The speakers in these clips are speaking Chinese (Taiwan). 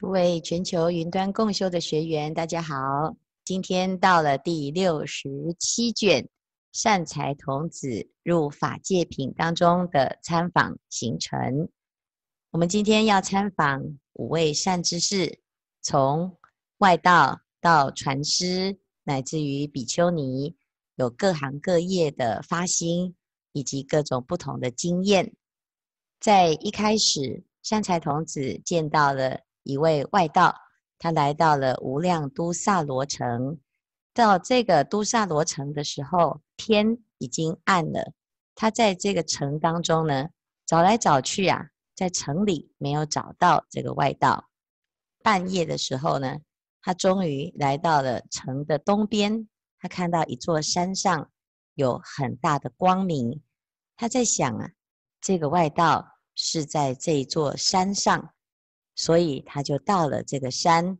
諸位全球雲端共修的學員，大家好！今天到了第六十七卷《善財童子入法界品》當中的參訪行程。我們今天要參訪五位善知識，從外道到船師，乃至於比丘尼，有各行各業的發心以及各種不同的經驗。在一開始，善財童子見到了一位外道，他來到了無量都薩羅城。到這個都薩羅城的時候，天已經暗了。他在這個城當中呢，找來找去啊，在城裡沒有找到這個外道。半夜的時候呢，他終於來到了城的東邊。他看到一座山上有很大的光明。他在想啊，這個外道是在這座山上。所以他就到了這個山，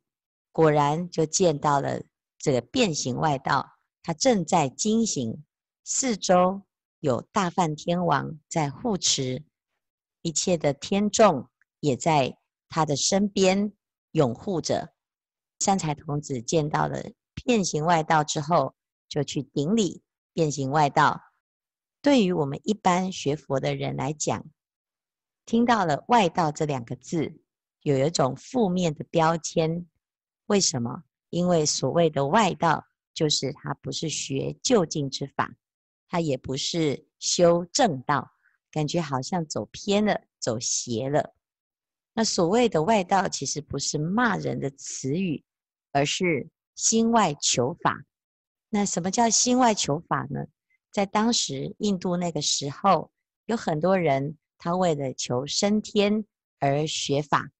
果然就見到了這個遍行外道，他正在經行，四周有大梵天王在護持，一切的天眾也在他的身邊擁護着。善財童子見到了遍行外道之後，就去頂禮遍行外道。對於我們一般學佛的人來講，聽到了外道這兩個字。有一種負面的標籤，為什麼？因為所謂的外道，就是他不是學究竟之法，他也不是修正道，感覺好像走偏了，走邪了。那所謂的外道，其實不是罵人的詞語，而是心外求法。那什麼叫心外求法呢？在當時印度那個時候，有很多人，他為了求升天而學法。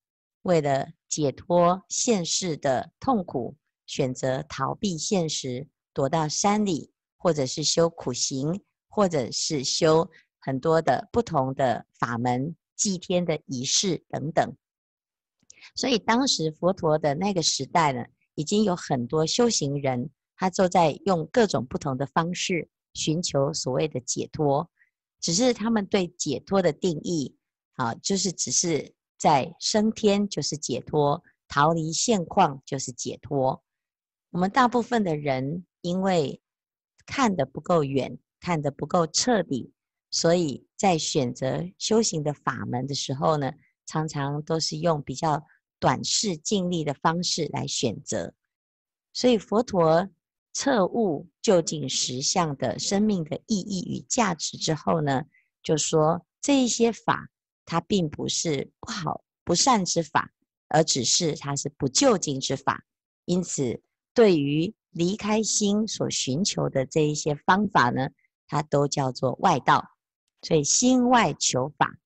為了解脫現世的痛苦，選擇逃避現實，躲到山裡，或者是修苦行，或者是修很多的不同的法門、祭天的儀式等等。所以當時佛陀的那個時代呢，已經有很多修行人，他都在用各種不同的方式尋求所謂的解脫，只是他們對解脫的定義，啊，就是只是。在升天就是解脫，逃離現況就是解脫。我們大部分的人因為看得不夠遠，看得不夠徹底，所以在選擇修行的法門的時候呢，常常都是用比較短視、近利的方式來選擇。所以佛陀徹悟究竟實相的生命的意義與價值之後呢，就說這一些法。它並不是不好不善之法，而只是它是不究竟之法。因此，對於離開心所尋求的這一些方法呢，它都叫做外道。所以，心外求法。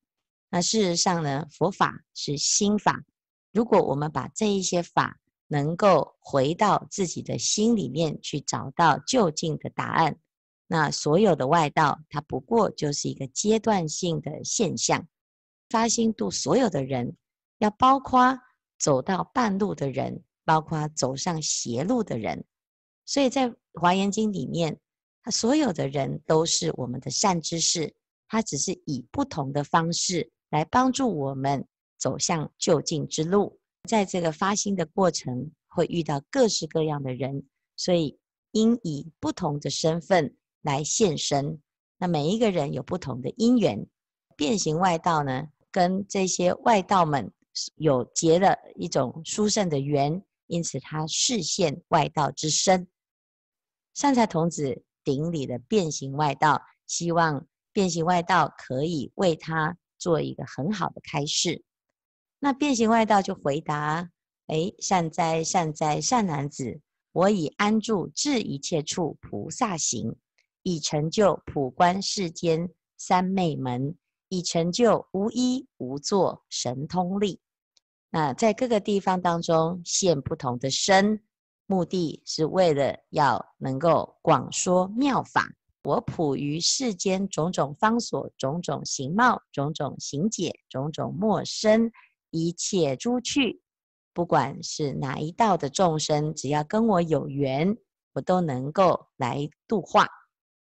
那事實上呢，佛法是心法。如果我們把這一些法能夠回到自己的心裡面去找到究竟的答案，那所有的外道，它不過就是一個階段性的現象。發心度所有的人，要包括走到半路的人，包括走上邪路的人。所以在華嚴經裡面，他所有的人都是我們的善知識，他只是以不同的方式來幫助我們走向究竟之路。在這個發心的過程，會遇到各式各樣的人，所以應以不同的身份來現身。那每一個人有不同的因緣，遍行外道呢，跟這些外道們有結了一種殊勝的緣，因此他示現外道之身。善財童子頂禮的遍行外道，希望遍行外道可以為他做一個很好的開示。那遍行外道就回答：誒、哎，善哉，善哉，善男子，我已安住至一切處菩薩行，以成就普觀世間三昧門。以成就無依無作神通力，那在各個地方當中現不同的身，目的是為了要能夠廣說妙法。我普於世間種種方所、種種形貌、種種形解、種種陌生，一切諸趣，不管是哪一道的眾生，只要跟我有緣，我都能夠來度化。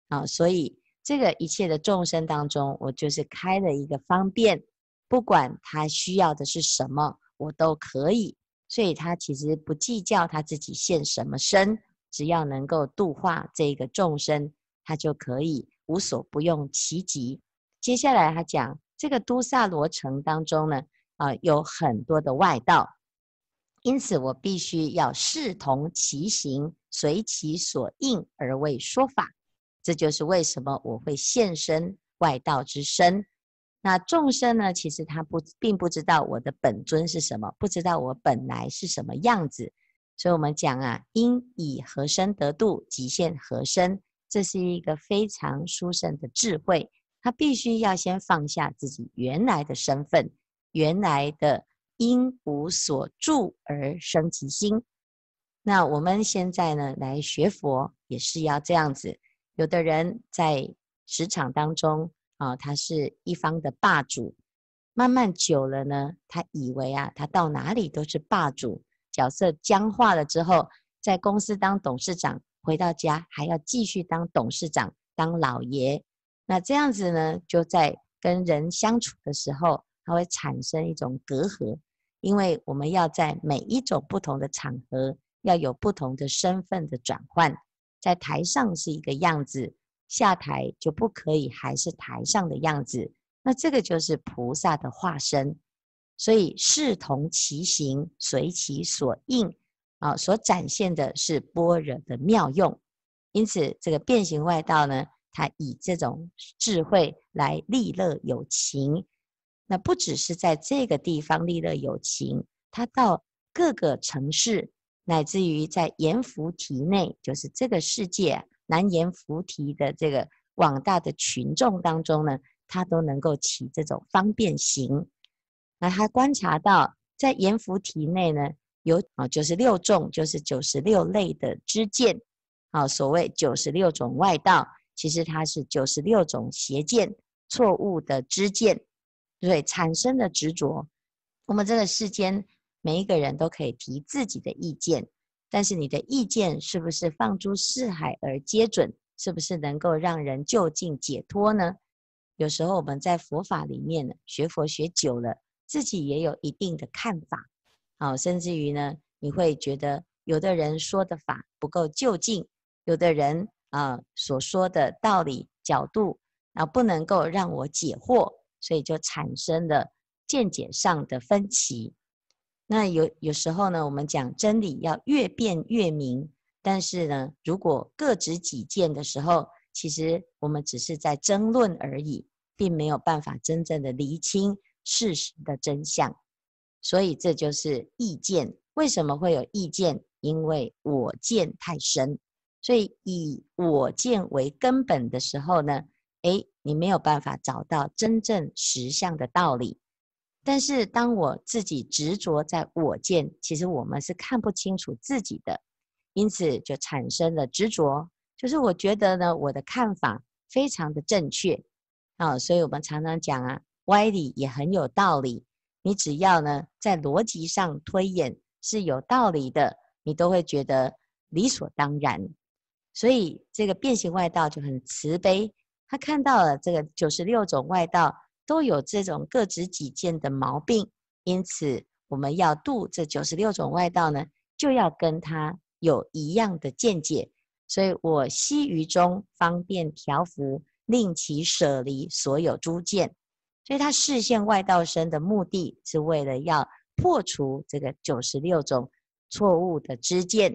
啊、哦，所以。這個一切的眾生當中，我就是開了一個方便，不管他需要的是什麼，我都可以。所以他其實不計較他自己現什麼身，只要能夠度化這個眾生，他就可以無所不用其極。接下來他講，這個都薩羅城當中呢，啊、呃，有很多的外道，因此我必須要視同其行，隨其所應而為說法。這就是為什麼我會現身外道之身。那眾生呢？其實他不並不知道我的本尊是什麼，不知道我本來是什麼樣子。所以，我們講啊，應以何身得度，即現何身。這是一個非常殊勝的智慧。他必須要先放下自己原來的身份，原來的應無所住而生其心。那我們現在呢，來學佛也是要這樣子。有的人在職場當中啊、哦，他是一方的霸主，慢慢久了呢，他以為啊，他到哪裡都是霸主，角色僵化了之後，在公司當董事長，回到家還要繼續當董事長、當老爺，那這樣子呢，就在跟人相處的時候，它會產生一種隔閡，因為我們要在每一種不同的場合，要有不同的身份的轉換。在台上是一個樣子，下台就不可以還是台上的樣子。那這個就是菩薩的化身，所以示同其形，隨其所應啊，所展現的是般若的妙用。因此，這個遍行外道呢，他以這種智慧來利樂有情。那不只是在這個地方利樂有情，他到各個城市。乃至於在閻浮提內，就是這個世界南閻浮提的這個廣大的群眾當中呢，他都能夠起這種方便行。那他觀察到，在閻浮提內呢，有啊，九十六種，就是九十六類的知見，啊，所謂九十六種外道，其實它是九十六種邪見、錯誤的知見，對，產生的執着。我們這個世間每一個人都可以提自己的意見，但是你的意見是不是放諸四海而皆準？是不是能夠讓人究竟解脫呢？有時候我們在佛法裡面學佛學久了，自己也有一定的看法，好、啊，甚至於呢，你會覺得有的人說的法不夠究竟，有的人啊、呃、所說的道理角度啊不能夠讓我解惑，所以就產生了見解上的分歧。那有有時候呢，我們講真理要越辯越明，但是呢，如果各執己見的時候，其實我們只是在爭論而已，並沒有辦法真正的釐清事實的真相。所以這就是意見，為什麼會有意見？因為我見太深，所以以我見為根本的時候呢，誒，你沒有辦法找到真正實相的道理。但是當我自己執着在我見，其實我們是看不清楚自己的，因此就產生了執着。就是我覺得呢，我的看法非常的正確啊、哦，所以我們常常講啊，歪理也很有道理。你只要呢，在邏輯上推演是有道理的，你都會覺得理所當然。所以這個遍行外道就很慈悲，他看到了這個九十六種外道，都有這種各執己見的毛病，因此我們要度這九十六種外道呢，就要跟他有一樣的見解。所以我悉於中方便調伏，令其捨離所有諸見。所以他示現外道身的目的是為了要破除這個九十六種錯誤的知見。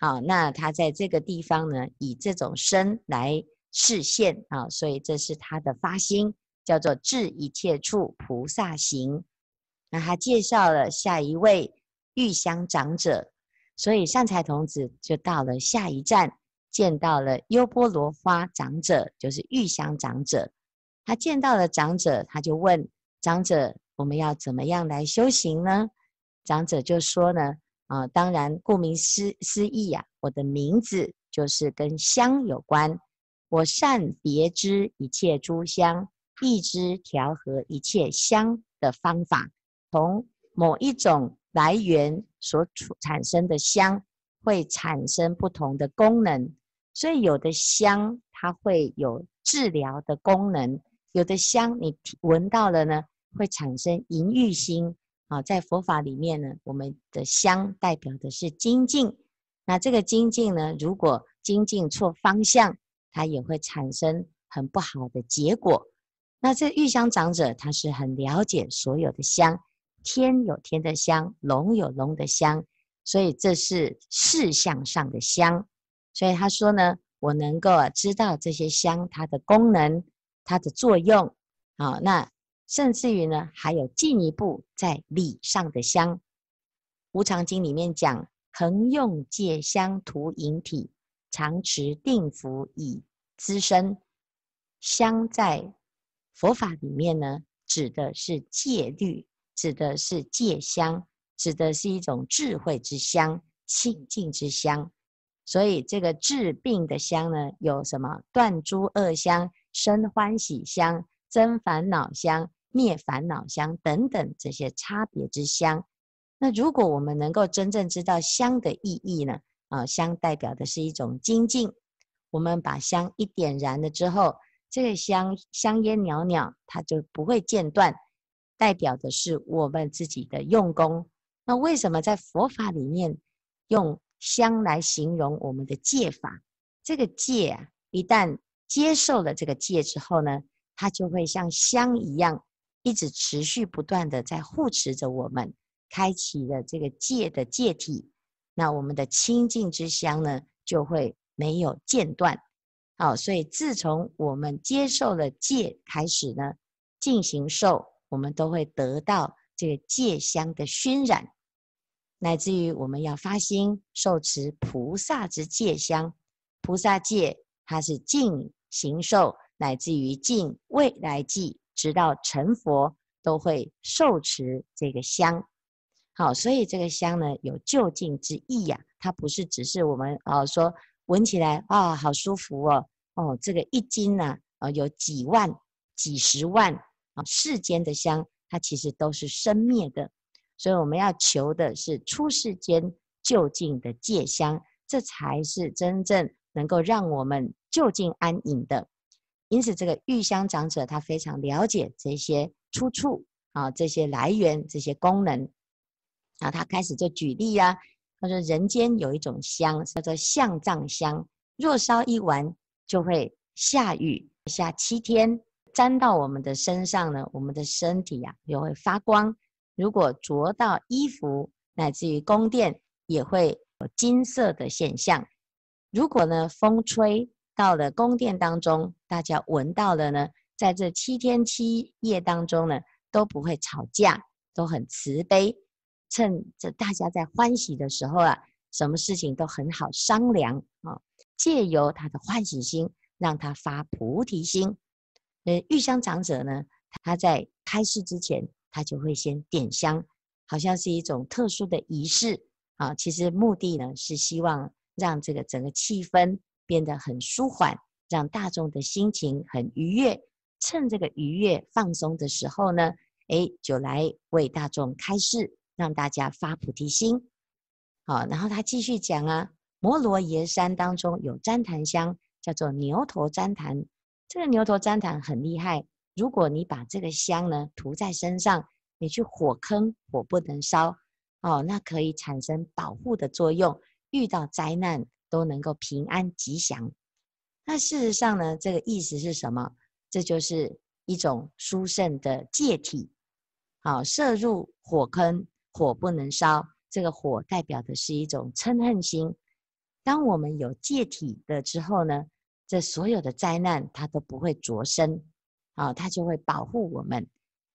好，那他在這個地方呢，以這種身來示現啊、哦，所以這是他的發心。叫做治一切處菩薩行，那他介紹了下一位鬻香長者，所以善財童子就到了下一站，見到了優鉢羅華長者，就是鬻香長者。他見到了長者，他就問長者：我們要怎麼樣來修行呢？長者就說呢：啊、呃，當然顧名思思義呀、啊，我的名字就是跟香有關，我善別知一切諸香。一支調和一切香的方法，從某一種來源所產生的香，會產生不同的功能。所以有的香它會有治療的功能，有的香你聞到了呢，會產生淫欲心啊。在佛法裡面呢，我們的香代表的是精進。那這個精進呢，如果精進錯方向，它也會產生很不好的結果。那這玉香長者，他是很了解所有的香，天有天的香，龍有龍的香，所以這是事相上的香。所以他說呢，我能夠、啊、知道這些香它的功能、它的作用。哦、那甚至於呢，還有進一步在理上的香。無常經裡面講，恆用戒香塗瑩體，常持定服以資身香在。佛法裡面呢，指的是戒律，指的是戒香，指的是一種智慧之香、清淨之香。所以這個治病的香呢，有什麼斷諸惡香、生歡喜香、增煩惱香、滅煩惱香等等這些差別之香。那如果我們能夠真正知道香的意義呢？啊，香代表的是一種精進。我們把香一點燃了之後。這個香香煙裊裊，它就不會間斷，代表的是我們自己的用功。那為什麼在佛法裡面用香來形容我們的戒法？這個戒啊，一旦接受了這個戒之後呢，它就會像香一樣，一直持續不斷地在護持着我們，開啟了這個戒的戒體。那我們的清淨之香呢，就會沒有間斷。好，所以自從我們接受了戒開始呢，盡形壽，我們都會得到這個戒香的熏染，乃至於我們要發心受持菩薩之戒香，菩薩戒它是盡形壽，乃至於盡未來際，直到成佛都會受持這個香。好，所以這個香呢，有究竟之意呀、啊，它不是只是我們哦說。聞起來啊、哦，好舒服哦！哦，這個一斤呢、啊，啊、哦，有幾萬、幾十萬啊、哦，世間的香，它其實都是生滅的，所以我們要求的是出世間就近的戒香，這才是真正能夠讓我們就近安隱的。因此，這個玉香長者他非常了解這些出處啊、哦，這些來源、這些功能啊，然後他開始就舉例呀、啊。他說：“人間有一種香，叫做象藏香。若燒一丸，就會下雨下七天。沾到我們的身上呢，我們的身體呀、啊、也會發光。如果着到衣服，乃至於宮殿，也會有金色的現象。如果呢風吹到了宮殿當中，大家聞到了呢，在這七天七夜當中呢，都不會吵架，都很慈悲。”趁着大家在歡喜的時候啊，什麼事情都很好商量啊。借由他的歡喜心，讓他發菩提心。呃，鬻香長者呢，他在開示之前，他就會先點香，好像是一種特殊的儀式啊。其實目的呢，是希望讓這個整個氣氛變得很舒緩，讓大眾的心情很愉悅。趁這個愉悅放鬆的時候呢，誒、哎，就來為大眾開示。讓大家發菩提心，好，然後他繼續講啊，摩羅耶山當中有旃檀香，叫做牛頭旃檀。這個牛頭旃檀很厲害，如果你把這個香呢塗在身上，你去火坑火不能燒哦，那可以產生保護的作用，遇到災難都能夠平安吉祥。那事實上呢，這個意思是什麼？這就是一種殊勝的戒體，好，攝入火坑。火不能燒，這個火代表的是一種嗔恨心。當我們有戒體的之後呢，這所有的災難它都不會着身，哦，它就會保護我們。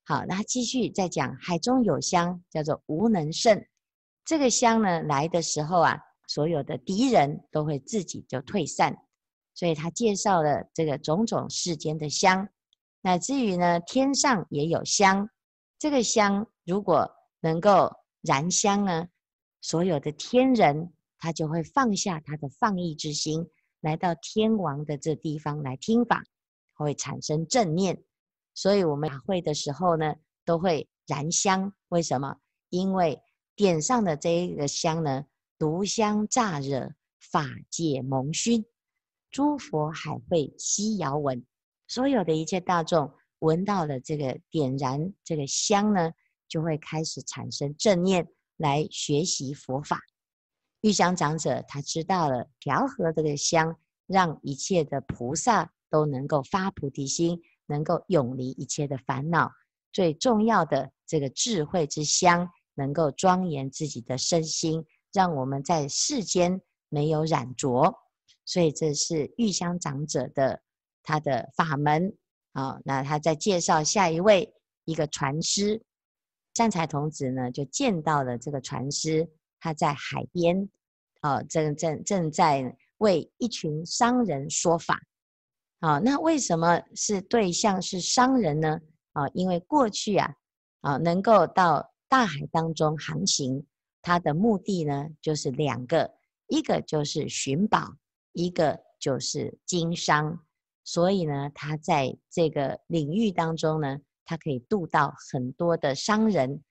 好，那繼續再講，海中有香，叫做無能勝。這個香呢來的時候啊，所有的敵人都會自己就退散。所以他介紹了這個種種世間的香，乃至於呢天上也有香。這個香如果能夠燃香呢，所有的天人他就會放下他的放逸之心，來到天王的這地方來聽法，會產生正念。所以，我們法會的時候呢，都會燃香。為什麼？因為點上的這一個香呢，爐香乍爇，法界蒙熏，諸佛海會悉遙聞。所有的一切大眾聞到了這個點燃這個香呢。就會開始產生正念，來學習佛法。玉香長者他知道了調和這個香，讓一切的菩薩都能夠發菩提心，能夠永離一切的煩惱。最重要的這個智慧之香，能夠莊嚴自己的身心，讓我們在世間沒有染着，所以這是玉香長者的他的法門。好、哦，那他再介紹下一位一個船師。善財童子呢，就見到了這個船師，他在海邊，啊、呃，正正正在為一群商人說法。啊、呃，那為什麼是對象是商人呢？啊、呃，因為過去啊，啊、呃，能夠到大海當中航行，他的目的呢，就是兩個，一個就是尋寶，一個就是經商。所以呢，他在這個領域當中呢。他可以度到很多的商人。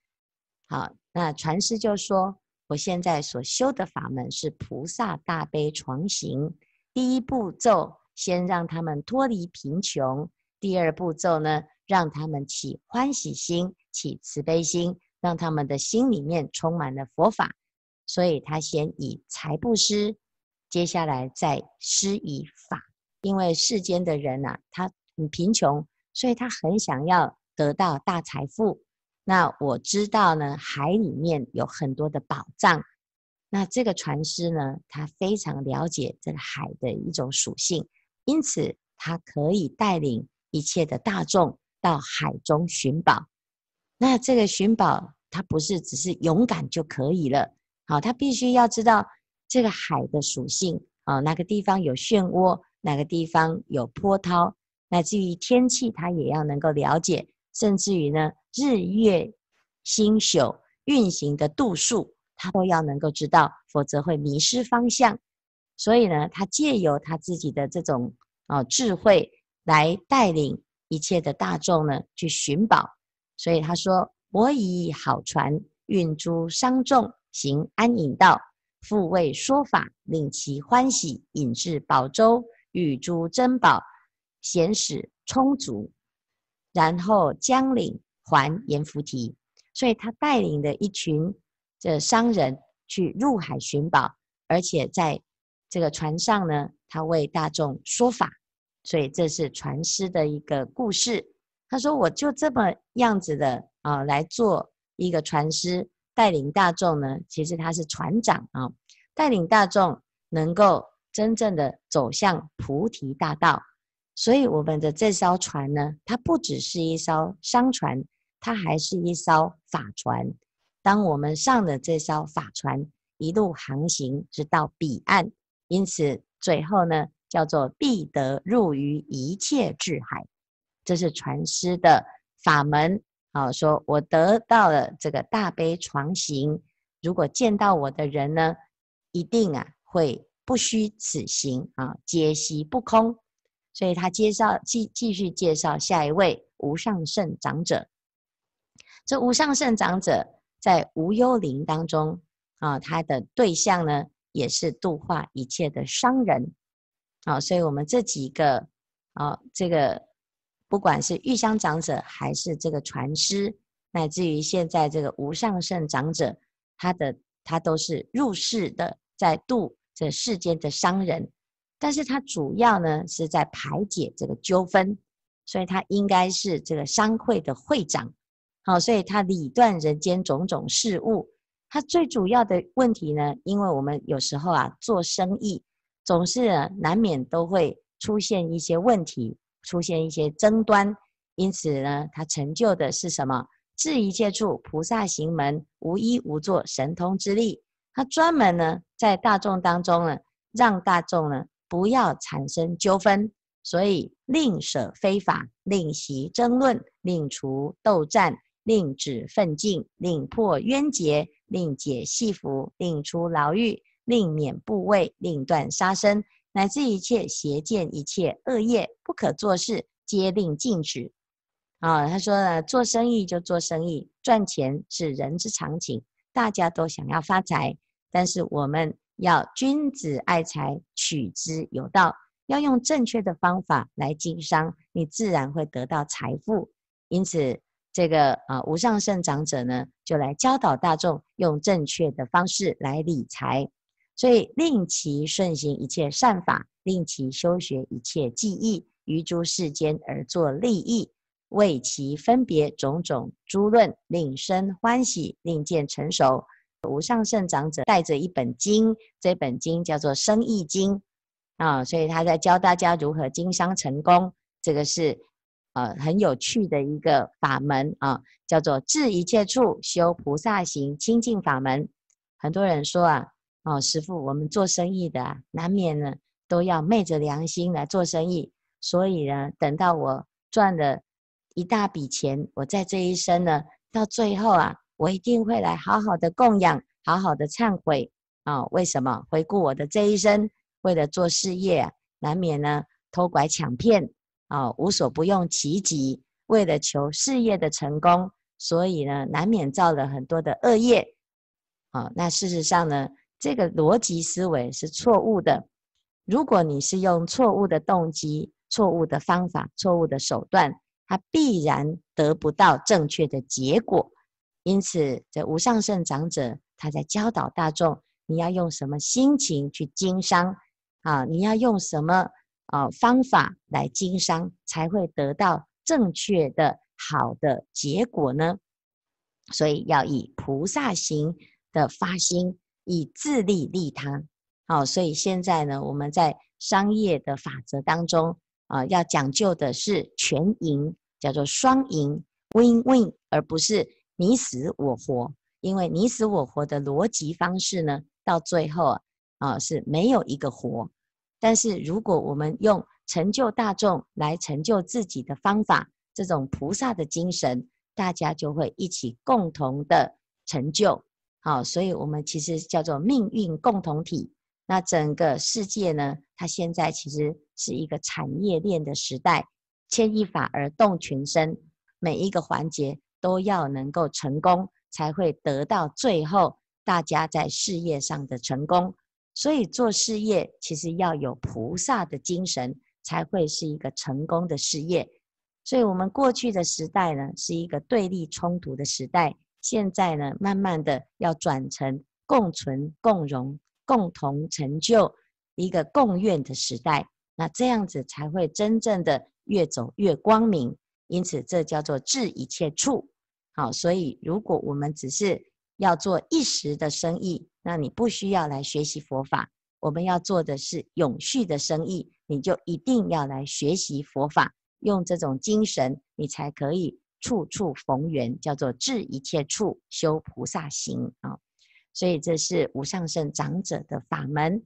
好，那船師就說：“我現在所修的法門是菩薩大悲幢行。第一步驟，先讓他們脫離貧窮；第二步驟呢，讓他們起歡喜心、起慈悲心，讓他們的心裡面充滿了佛法。所以，他先以財布施，接下來再施以法。因為世間的人啊，他很貧窮，所以他很想要。”得到大財富，那我知道呢，海裡面有很多的寶藏。那這個船師呢，他非常了解這個海的一種屬性，因此他可以帶領一切的大眾到海中尋寶。那這個尋寶，他不是只是勇敢就可以了，好，他必須要知道這個海的屬性，啊，哪個地方有漩渦，哪個地方有波濤，那至於天氣，他也要能夠了解。甚至於呢，日月星宿運行的度數，他都要能夠知道，否則會迷失方向。所以呢，他借由他自己的這種啊、哦、智慧來帶領一切的大眾呢去尋寶。所以他說：“我以好船運諸商眾，行安隱道，復為說法，令其歡喜，引至寶洲，與諸珍寶，咸使充足。”然後將領還延菩提，所以他帶領的一群這商人去入海尋寶，而且在這個船上呢，他為大眾說法，所以這是船師的一個故事。他說：“我就這麼樣子的啊，來做一個船師，帶領大眾呢。其實他是船長啊，帶領大眾能夠真正的走向菩提大道。”所以我們的這艘船呢，它不只是一艘商船，它還是一艘法船。當我們上了這艘法船，一路航行，直到彼岸，因此最後呢，叫做必得入於一切智海。這是船師的法門啊，說我得到了這個大悲幢行，如果見到我的人呢，一定啊會不虛此行啊，皆悉不空。所以他介紹繼繼續介紹下一位無上勝長者。這無上勝長者在無憂林當中啊、哦，他的對象呢也是度化一切的商人。啊、哦，所以我們這幾個啊、哦，這個不管是鬻香長者，還是這個船師，乃至於現在這個無上勝長者，他的他都是入世的，在度這世間的商人。但是他主要呢是在排解這個糾紛，所以他應該是這個商會的會長，好、哦，所以他理斷人間種種事物。他最主要的問題呢，因為我們有時候啊做生意，總是呢難免都會出現一些問題，出現一些爭端。因此呢，他成就的是什麼？至一切處菩薩行門，無依無作神通之力。他專門呢在大眾當中呢，讓大眾呢，不要產生糾紛，所以令舍非法，令息爭論，令除鬥戰，令止奮進，令破冤結，令解繫縛，令出牢獄，令免怖畏，令斷殺生，乃至一切邪見，一切惡業不可作事，皆令禁止。啊、哦，他說呢，做生意就做生意，賺錢是人之常情，大家都想要發財，但是我們。要君子愛財，取之有道。要用正確的方法來經商，你自然會得到財富。因此，這個啊無上勝長者呢，就來教導大眾，用正確的方式來理財。所以令其順行一切善法，令其修學一切技藝，於諸世間而作利益，為其分別種種諸論，令生歡喜，令漸成熟。無上勝長者帶着一本經，這本經叫做《生意經》哦，啊，所以他在教大家如何經商成功。這個是，呃，很有趣的一個法門啊，哦，叫做“治一切處修菩薩行清淨法門”。很多人說啊，哦，師父，我們做生意的啊，難免呢都要昧着良心來做生意，所以呢，等到我賺了一大筆錢，我在這一生呢，到最後啊。我一定會來好好的供養，好好的懺悔啊、哦！為什麼？回顧我的這一生，為了做事業，難免呢偷拐搶騙啊、哦，無所不用其極。為了求事業的成功，所以呢，難免造了很多的惡業啊、哦。那事實上呢，這個邏輯思維是錯誤的。如果你是用錯誤的動機、錯誤的方法、錯誤的手段，它必然得不到正確的結果。因此，這無上勝長者他在教導大眾，你要用什麼心情去經商？啊，你要用什麼啊方法來經商，才會得到正確的好的結果呢？所以要以菩薩行的發心，以自利利他。好、啊，所以現在呢，我們在商業的法則當中啊，要講究的是全贏，叫做雙贏 （win-win），win, 而不是。你死我活，因為你死我活的邏輯方式呢，到最後啊，啊，是沒有一個活。但是如果我們用成就大眾來成就自己的方法，這種菩薩的精神，大家就會一起共同的成就。啊，所以我們其實叫做命運共同體。那整個世界呢，它現在其實是一個產業鏈的時代，牽一髮而動全身，每一個環節，都要能夠成功，才會得到最後大家在事業上的成功。所以做事業其實要有菩薩的精神，才會是一個成功的事業。所以，我們過去的時代呢，是一個對立衝突的時代。現在呢，慢慢的要轉成共存共榮、共同成就一個共願的時代。那這樣子才會真正的越走越光明。因此，這叫做至一切處。好，所以如果我們只是要做一時的生意，那你不需要來學習佛法。我們要做的是永續的生意，你就一定要來學習佛法，用這種精神，你才可以處處逢緣，叫做至一切處修菩薩行啊、哦。所以這是無上勝長者的法門。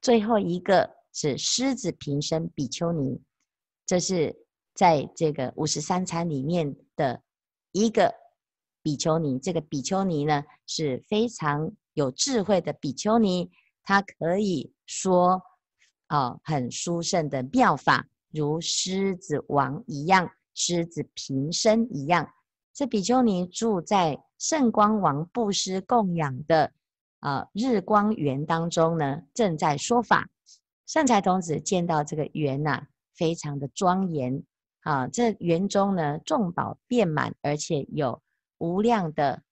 最後一個是獅子頻申比丘尼，這是在這個五十三參裡面的。一個比丘尼，這個比丘尼呢，是非常有智慧的比丘尼，他可以說啊、呃、很殊勝的妙法，如獅子王一樣，獅子頻申一樣。這比丘尼住在聖光王布施供養的啊、呃、日光園當中呢，正在說法。善財童子見到這個園吶、啊，非常的莊嚴。啊，這園中呢，眾寶遍滿，而且有無量的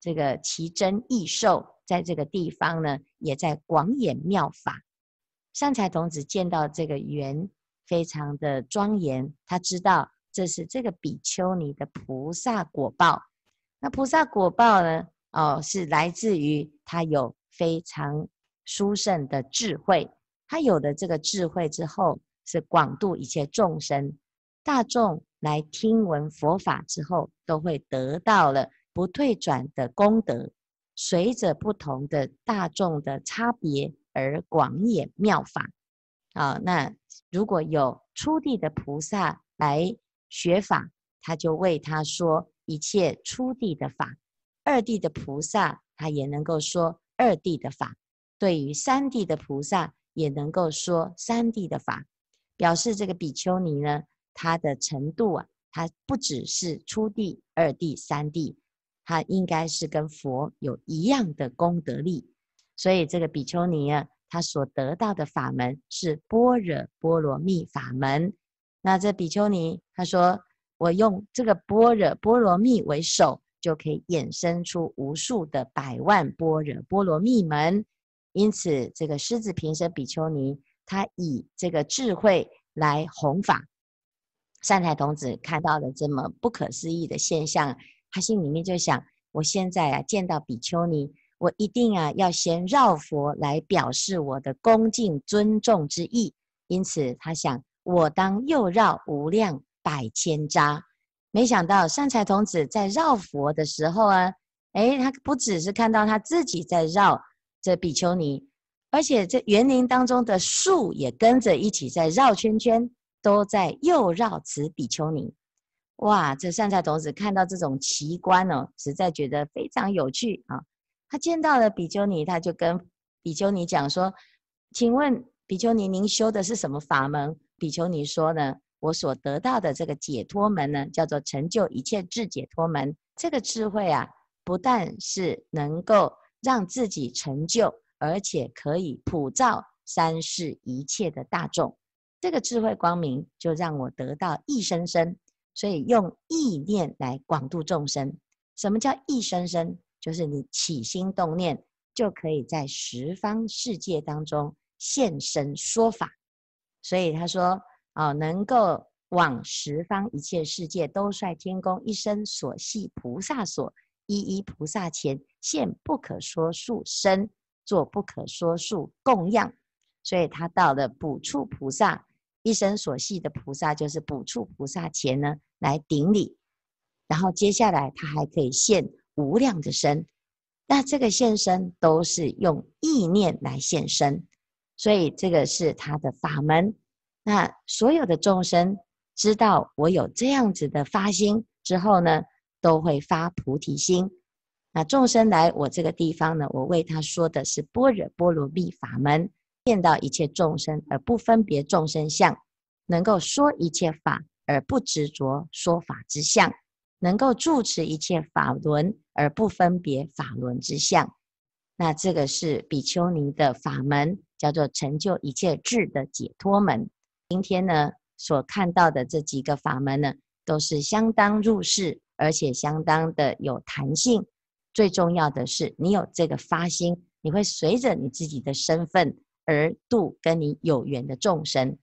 這個奇珍異獸，在這個地方呢，也在廣演妙法。善財童子見到這個園非常的莊嚴，他知道這是這個比丘尼的菩薩果報。那菩薩果報呢，哦，是來自於他有非常殊勝的智慧。他有了這個智慧之後，是廣度一切眾生。大眾來聽聞佛法之後，都會得到了不退轉的功德，隨着不同的大眾的差別而廣演妙法。啊、哦，那如果有初地的菩薩來學法，他就為他說一切初地的法；二地的菩薩，他也能夠說二地的法；對於三地的菩薩，也能夠說三地的法，表示這個比丘尼呢。他的程度啊，他不只是初地、二地、三地，他應該是跟佛有一樣的功德力。所以這個比丘尼啊，他所得到的法門是般若波羅蜜法門。那這比丘尼，他說：“我用這個般若波羅蜜為首，就可以衍生出無數的百萬般若波羅蜜門。”因此，這個獅子頻申比丘尼，他以這個智慧來弘法。善財童子看到了這麼不可思議的現象，他心裡面就想：我現在啊見到比丘尼，我一定啊要先繞佛來表示我的恭敬尊重之意。因此，他想：我當右繞無量百千匝。沒想到善財童子在繞佛的時候啊，誒，他不只是看到他自己在繞這比丘尼，而且這園林當中的樹也跟着一起在繞圈圈。都在右繞此比丘尼，哇！這善財童子看到這種奇觀哦，實在覺得非常有趣啊。他見到了比丘尼，他就跟比丘尼講說：“請問比丘尼，您修的是什麼法門？”比丘尼說呢：“我所得到的這個解脫門呢，叫做成就一切智解脫門。這個智慧啊，不但是能夠讓自己成就，而且可以普照三世一切的大眾。”這個智慧光明就讓我得到一生生，所以用意念來廣度眾生。什麼叫一生生？就是你起心動念，就可以在十方世界當中現身說法。所以他說：“哦，能夠往十方一切世界兜率天宮，一生所繫菩薩所一一菩薩前現不可說數身，做不可說數供養。”所以他到了補處菩薩。一生所繫的菩薩就是補處菩薩前呢，來頂禮，然後接下來他還可以現無量的身，那這個現身都是用意念來現身，所以這個是他的法門。那所有的眾生知道我有這樣子的發心之後呢，都會發菩提心。那眾生來我這個地方呢，我為他說的是般若波羅蜜法門。見到一切眾生而不分別眾生相，能夠說一切法而不執着說法之相，能夠住持一切法輪而不分別法輪之相。那這個是比丘尼的法門，叫做成就一切智的解脫門。今天呢，所看到的這幾個法門呢，都是相當入世，而且相當的有彈性。最重要的是，你有這個發心，你會隨着你自己的身份。而度跟你有緣的眾生，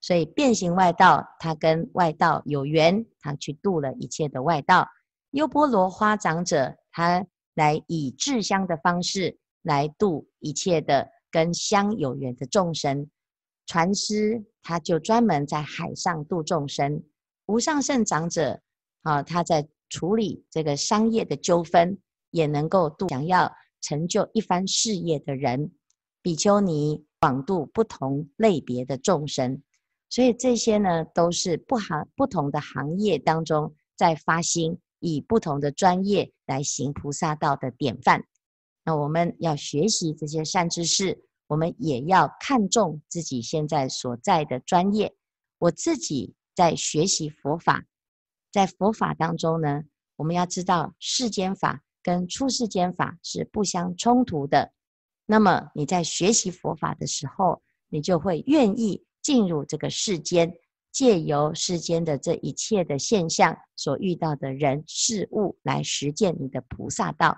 所以變形外道，他跟外道有緣，他去度了一切的外道。優波羅花長者，他來以制香的方式來度一切的跟香有緣的眾生。船師，他就專門在海上度眾生。無上勝長者，啊，他在處理這個商業的糾紛，也能夠度想要成就一番事業的人。比丘尼，廣度不同類別的眾生，所以這些呢都是不行不同的行業當中在發心，以不同的專業來行菩薩道的典範。那我們要學習這些善知識，我們也要看重自己現在所在的專業。我自己在學習佛法，在佛法當中呢，我們要知道世間法跟出世間法是不相衝突的。那麼你在學習佛法的時候，你就會願意進入這個世間，借由世間的這一切的現象所遇到的人事物來實踐你的菩薩道，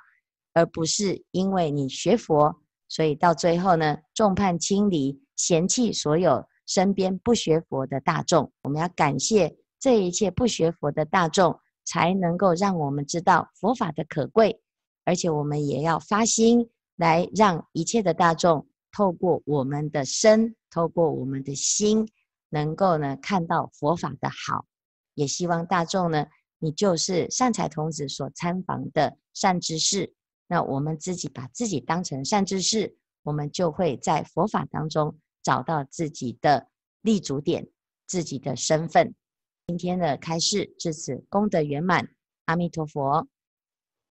而不是因為你學佛，所以到最後呢，眾叛親離，嫌棄所有身邊不學佛的大眾。我們要感謝這一切不學佛的大眾，才能夠讓我們知道佛法的可貴，而且我們也要發心。來讓一切的大眾透過我們的身，透過我們的心，能夠呢，看到佛法的好。也希望大眾呢，你就是善財童子所參訪的善知識。那我們自己把自己當成善知識，我們就會在佛法當中找到自己的立足點、自己的身份。今天的開示至此功德圓滿，阿彌陀佛。